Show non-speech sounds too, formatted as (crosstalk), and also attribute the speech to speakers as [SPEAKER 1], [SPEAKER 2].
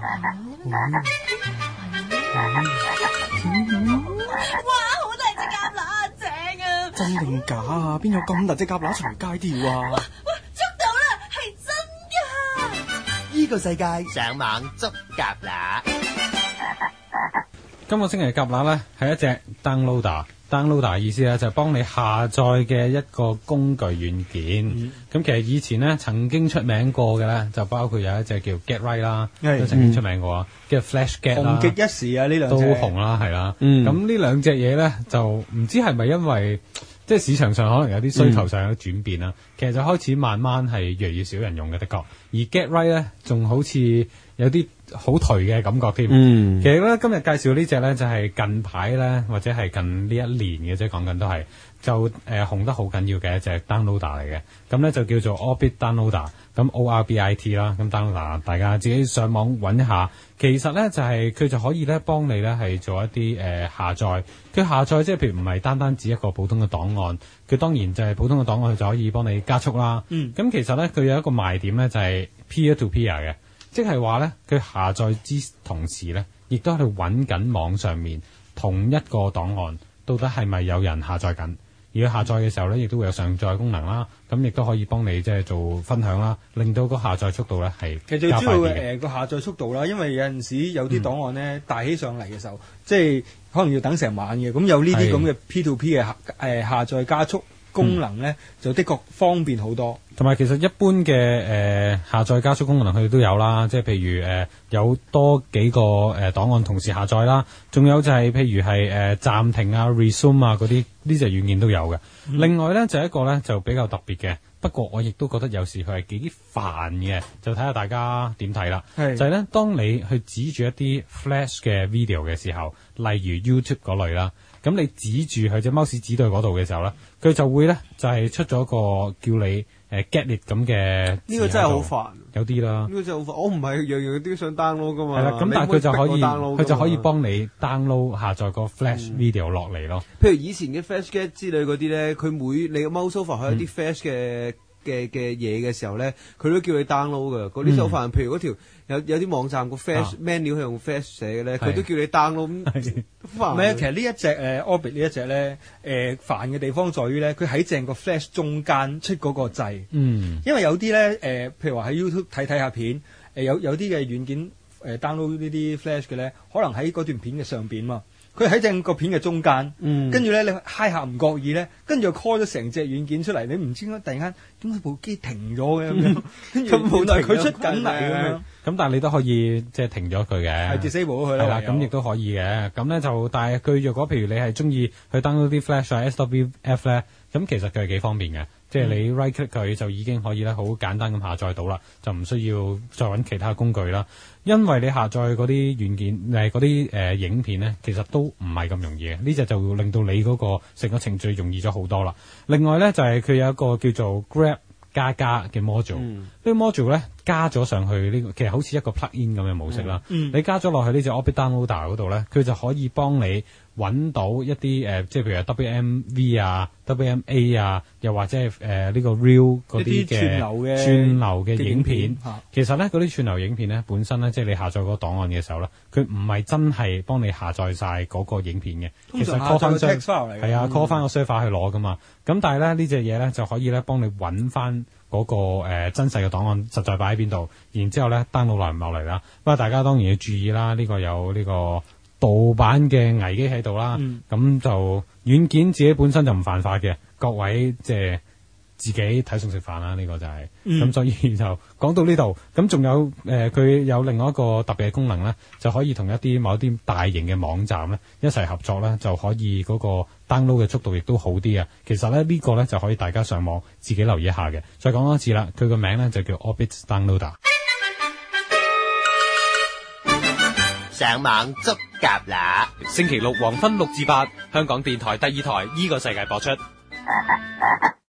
[SPEAKER 1] 哇！好大隻蛤乸正啊！真定假啊？邊有咁大隻蛤乸隨街跳啊？哇！捉到啦，係真㗎！呢個世界上網捉蛤乸。 (laughs) 今個星期嘅蛤乸呢係一隻 downloader。download 嘅、er、意思咧就係、是、幫你下載嘅一個工具軟件。咁、嗯、其實以前咧曾經出名過嘅咧就包括有一隻叫 GetRight 啦，嗯、都曾經出名過。叫 FlashGet 啦，紅極一時啊，呢兩隻都好紅啦，係啦。咁呢兩隻嘢咧就唔知係咪因為即係、就是、市場上可能有啲需求上有轉變啦。嗯嗯。其實就開始慢慢係越嚟越少人用嘅，的確。而 GetRight 咧，仲好似有啲好頹嘅感覺添。嗯、其實咧，今日介紹呢隻咧就係、是、近排咧，或者係近呢一年嘅，即係講緊都係就誒、呃、紅得好緊要嘅、er，就係 Downloader 嚟嘅。咁咧就叫做 Orbit Downloader，咁 O R B I T 啦。咁 Downloader、er, 大家自己上網揾一下。其實咧就係、是、佢就可以咧幫你咧係做一啲誒、呃、下載。佢下載即係譬如唔係單單指一個普通嘅檔案，佢當然就係普通嘅檔案就可以幫你。加速啦，咁、嗯、其實咧佢有一個賣點咧就係 peer to peer 嘅，即係話咧佢下載之同時咧，亦都喺度揾緊網上面同一個檔案到底係咪有人下載緊，而佢下載嘅時候咧亦都會有上載功能啦，咁亦都可以幫你即係做分享啦，令到個下載速度咧係加快啲。其實最主要嘅誒個下載速度啦，因為有陣時有啲檔案咧、嗯、大起上嚟嘅時候，即係可能要等成晚嘅，咁有呢啲咁嘅 P to P 嘅誒下載加速功能咧就的確方便好多。同埋，其實一般嘅誒、呃、下載加速功能佢哋都有啦，即係譬如誒、呃、有多幾個誒、呃、檔案同時下載啦，仲有就係譬如係誒、呃、暫停啊、resume 啊嗰啲呢隻軟件都有嘅。嗯、另外呢，就一個呢就比較特別嘅，不過我亦都覺得有時佢係幾煩嘅，就睇下大家點睇啦。是就係呢，當你去指住一啲 Flash 嘅 video 嘅時候，例如 YouTube 嗰類啦，咁你指住佢隻 mouse 指對嗰度嘅時候呢，佢就會呢，就係、是、出咗個叫你。誒、uh, get it，咁嘅，呢個真係好煩，有啲啦。呢個真係好煩，我唔係樣樣都要上 download 噶嘛。係啦，咁但係佢就可以，佢就可以幫你 download 下載個 flash video 落嚟、嗯、咯。譬如以前嘅 flash get 之類嗰啲咧，佢每你 Mozilla 係有啲 flash 嘅。嗯嘅嘅嘢嘅時候咧，佢都叫你 download 嘅嗰啲就好煩。譬、嗯、如嗰條有有啲網站個 flash menu 係用 flash 寫嘅咧，佢、啊、都叫你 download 唔係啊的的，其實呢一隻誒、呃、Orbit 呢一隻咧誒、呃、煩嘅地方在於咧，佢喺正個 flash 中間出嗰個掣，嗯、因為有啲咧誒，譬如話喺 YouTube 睇睇下片誒、呃，有有啲嘅軟件誒、呃、download 呢啲 flash 嘅咧，可能喺嗰段片嘅上邊嘛。佢喺正個片嘅中間，跟住咧你嗨下唔覺意咧，跟住又 call 咗成隻軟件出嚟，你唔知點解突然間點解部機停咗嘅咁樣，咁冇奈佢出緊嚟咁樣。咁但係你都可以即係停咗佢嘅，係 disable 佢啦。係啦，咁亦都可以嘅。咁咧就但係佢若果譬如你係中意去 down 嗰啲 Flash 啊 SWF 咧，咁其實佢係幾方便嘅。即係你 Right click，佢就已經可以咧，好簡單咁下載到啦，就唔需要再揾其他工具啦。因為你下載嗰啲軟件誒嗰啲誒影片咧，其實都唔係咁容易嘅。呢隻就會令到你嗰個成個程序容易咗好多啦。另外咧就係佢有一個叫做 Grab 加加嘅 module。個呢個 module 咧加咗上去呢、這個，其實好似一個 plug-in 咁嘅模式啦。嗯、你加咗落去、er、呢隻 Orbit Downloader 嗰度咧，佢就可以幫你揾到一啲誒、呃，即係譬如 WMV 啊、WMA 啊，又或者係誒呢個 Real 嗰啲嘅串流嘅影片。影片其實咧，嗰啲串流影片咧，本身咧，即係你下載嗰個檔案嘅時候咧，佢唔係真係幫你下載晒嗰個影片嘅。通常下載都係係啊，call 翻個 server 去攞噶嘛。咁、嗯、但係咧，呢隻嘢咧就可以咧幫你揾翻。嗰、那個、呃、真實嘅檔案實在擺喺邊度，然之後咧單路落唔落嚟啦。不過大家當然要注意啦，呢、這個有呢、這個盜版嘅危機喺度啦。咁、嗯、就軟件自己本身就唔犯法嘅，各位謝。呃自己睇餸食飯啦，呢、這個就係、是、咁，嗯、所以就講到呢度咁，仲有誒，佢、呃、有另外一個特別嘅功能呢，就可以同一啲某一啲大型嘅網站呢一齊合作咧，就可以嗰個 download 嘅速度亦都好啲啊！其實呢，呢、這個呢就可以大家上網自己留意一下嘅。再講多一次啦，佢個名呢就叫 Orbit Downloader。上網捉蛤啦！星期六黃昏六至八，香港電台第二台依、這個世界播出。 (laughs)